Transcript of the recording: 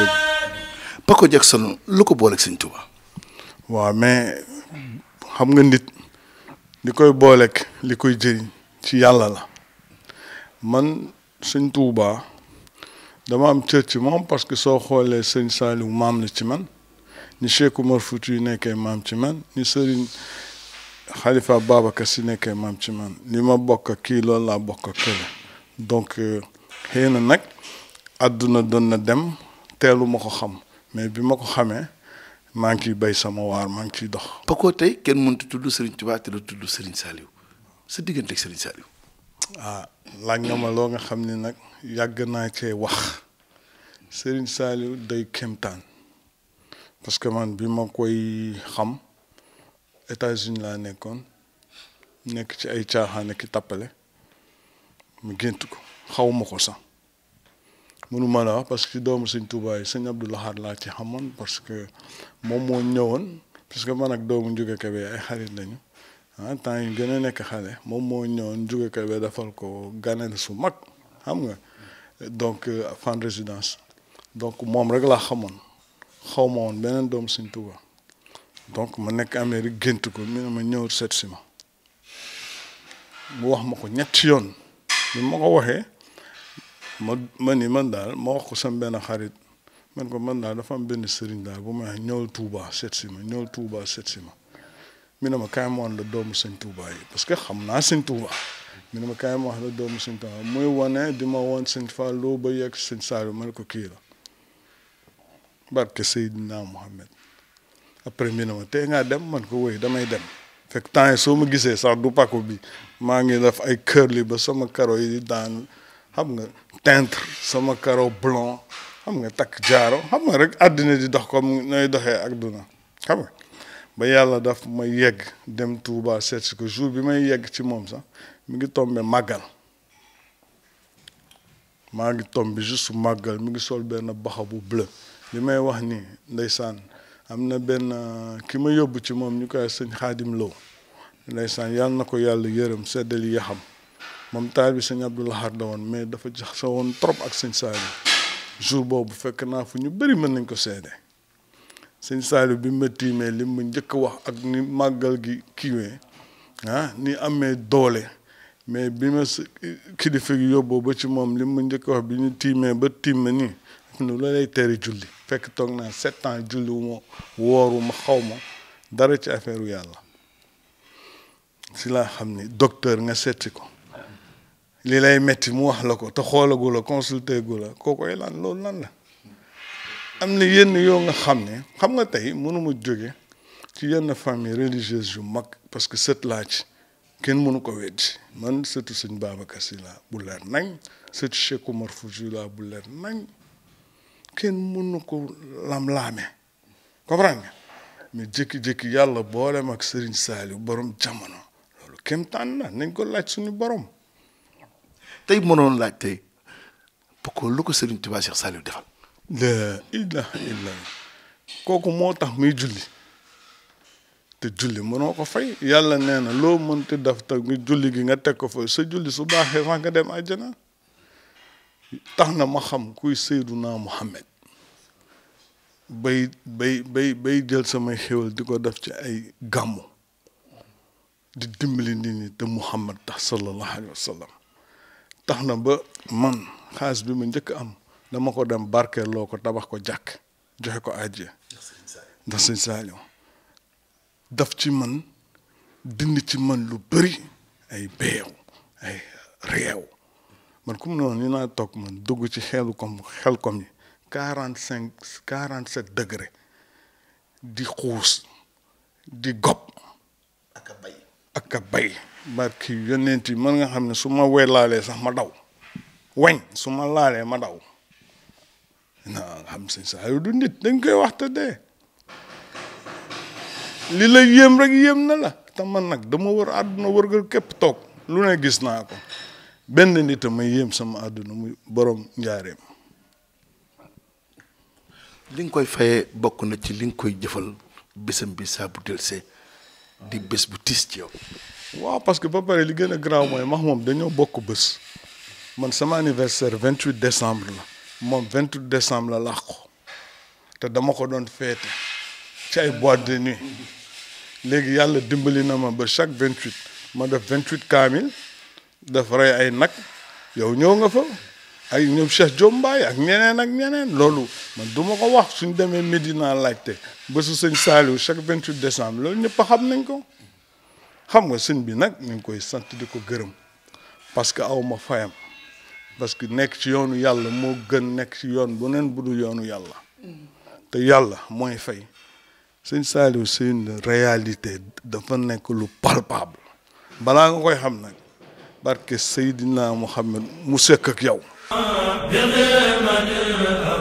dëgg Paco Jackson lu ko booleeg sëñ Tuubaa waaw mais xam nga nit li koy booleeg li koy jëriñ ci yàlla la man sëñ Tuubaa dama am cër ci moom parce que soo xoolee sëñ Saaliw maam la ci man ni Cheikh Oumar yu nekkee maam ci man ni sëriñ Xalifa Babacar si nekkee maam ci man li ma bokk kii loolu laa bokk ak donc euh, xëy na nag àdduna doon na dem teelu ma ko xam mais bi ma ko xamee maa ngi ciy béy sama waar maa ngi ciy dox. Paco tey kenn mënut tudd Serigne Touba te lu tudd Serigne Saliou sa diggante ak Serigne Saliou. ah laaj nga ma loo nga xam ni nag yàgg naa cee wax Serigne Saliou day kéemtaan parce que man bi ma koy xam États-Unis laa nekkoon nekk ci ay caaxaan ki tappale mu gént ko xaw ko sax. mënu ma la wax parce que doomu sëñ Touba yi sëñ Abdou Lahad laa ci xamoon parce que moom moo ñëwoon parce que man ak doomu Ndiouga Kébé ay xarit lañu ah temps yi gën a nekk xale moom moo ñëwoon Ndiouga Kébé defal ko ganel su mag xam nga donc euh, fan résidence donc moom rek laa xamoon xaw ma woon beneen doomu sëñ Touba donc ma nekk Amérique gént ko mu ne ma ñëw seet si ma mu wax ma ko ñetti yoon bi ma ko waxee. ماني من دال ما قسم بين خريط من قم من دال فم بين سرين دال بوما نول توبا ستسيما نول توبا ستسيما من ما كان وان لدوم سن توبا بس كه خم ناسن توبا من ما كان وان لدوم سن توبا مي وانا دما وان سن فالو بيك سن سالو من كوكيلا بارك سيدنا محمد après mi ne ma tey ngaa dem man ko woy damay dem fekk temps yi soo ma gisee sax du pako bi maa ngi def ay curly ba sama karo yi daan xam nga teintre sama karo blond xam nga takk jaaro xam nga rek àddina di dox comme nooy doxee ak duna xam ba yàlla daf ma yegg dem Touba seet si ko jour bi may yegg ci moom sax mi ngi tombe màggal maa ngi tombe juste màggal mi ngi sol benn baxa bu bleu li may wax nii ndeysaan am na benn euh, ki ma yóbbu ci moom ñu koy sëñ xaadim Lo ndeysaan yàlla na ko yàlla yërëm seddali yaxam moom taal bi sëñ Abdou Lahad da woon mais dafa jaxasoo woon trop ak sëñ Saliou jour boobu fekk naa fu ñu bëri mën nañ ko seede sëñ Saliou bi ma tiimee li mu njëkk wax ak ni màggal gi kiiwee ah, ni amee doole mais bi ma kilifa gi yóbboo ba ci moom li mu njëkk wax bi ñu tiimee ba tiime nii nu la lay tere julli fekk toog naa sept ans julli wu ma wooru ma xaw ma dara ci affaire yàlla si laa xam ni docteur nga seeti ko li lay metti mu wax la ko te xoolagu la consulté gu la kookoy lan loolu lan la am na yenn yoo nga xam ne xam nga tey mënuma jóge ci yenn famille religieuse yu mag parce que sët laa ci kenn mënu ko weddi man sëtu sëñ Babacar Si laa bu leer nañ sëtu Cheikh Oumar Foutiyou laa bu leer nañ kenn ko lam lame comprendre nga mais jékki-jékki yàlla boolem ak Serigne Saliou borom jamono loolu kenn tànn na nañ ko laaj suñu borom tey mënoon laaj tey pourquoi lu ko Serigne Touba Cheikh Saliou defal. la ilaha illa kooku moo tax muy julli te julli mënoo ko fay yàlla nee na loo mënti def te julli gi nga teg ko sa julli su baaxee sax nga dem àjjana tax na ma xam kuy Seyduna Muhammad bay bay bay bay jël samay xéwal di ko def ci ay gàmmu di dimbali ni ñi te Muhammad tax sallallahu alayhi wa sallam tax na ba man xaalis bi mu njëkk am dama ko dem barkeeloo ko tabax ko jàkk joxe ko àjjee ndax sëñ daf ci man dindi ci man lu bari ay beew ay réew man comme noonu ni naa toog man dugg ci xelu kom xel kom yi quarante cinq quarante sept degré di xuus di gob ak a bay barki yonent yi nga xam ne su ma we laalee sax ma daw wañ su ma laalee ma daw na nga xam sëñ Saaliw du nit dañ koy wax te dee li la yéem rek yéem na la te man nag dama wër àdduna wërgal képp toog lu ne gis naa ko benn nit a ma yéem sama àdduna mu borom njaareem li nga koy fayee bokk na ci li nga koy jëfal bisam bi saa bu delsee di bés bu tiis ci yow. waaw parce que ba pare li gën a garaaw mooy max moom dañoo bokk bés man sama anniversaire 28 décembre la moom 28 décembre la làqu te dama ko doon feete ci ay boîte de nuit léegi yàlla dimbali na ma ba chaque vingt 28 ma def vingt 28 kaamil daf rey ay nag yow ñëw nga fa. ay ñoom Cheikh Diop Mbaye ak ñeneen ak ñeneen loolu ma du ma ko wax suñ demee Médina laajte su sëñ Saliou chaque 28 décembre loolu ñëpp xam nañ ko xam nga sëñ bi nag ñu ngi koy santi di ko gërëm parce que aw ma fayam parce que nekk ci yoonu yàlla moo gën nekk si yoon bu neen bu dul yoonu yàlla te yàlla mooy fay sëñ Saliou c'est une réalité dafa nekk lu palpable balaa nga koy xam nag barke Seydina Mohamed mu sekk ak yow Yılım anı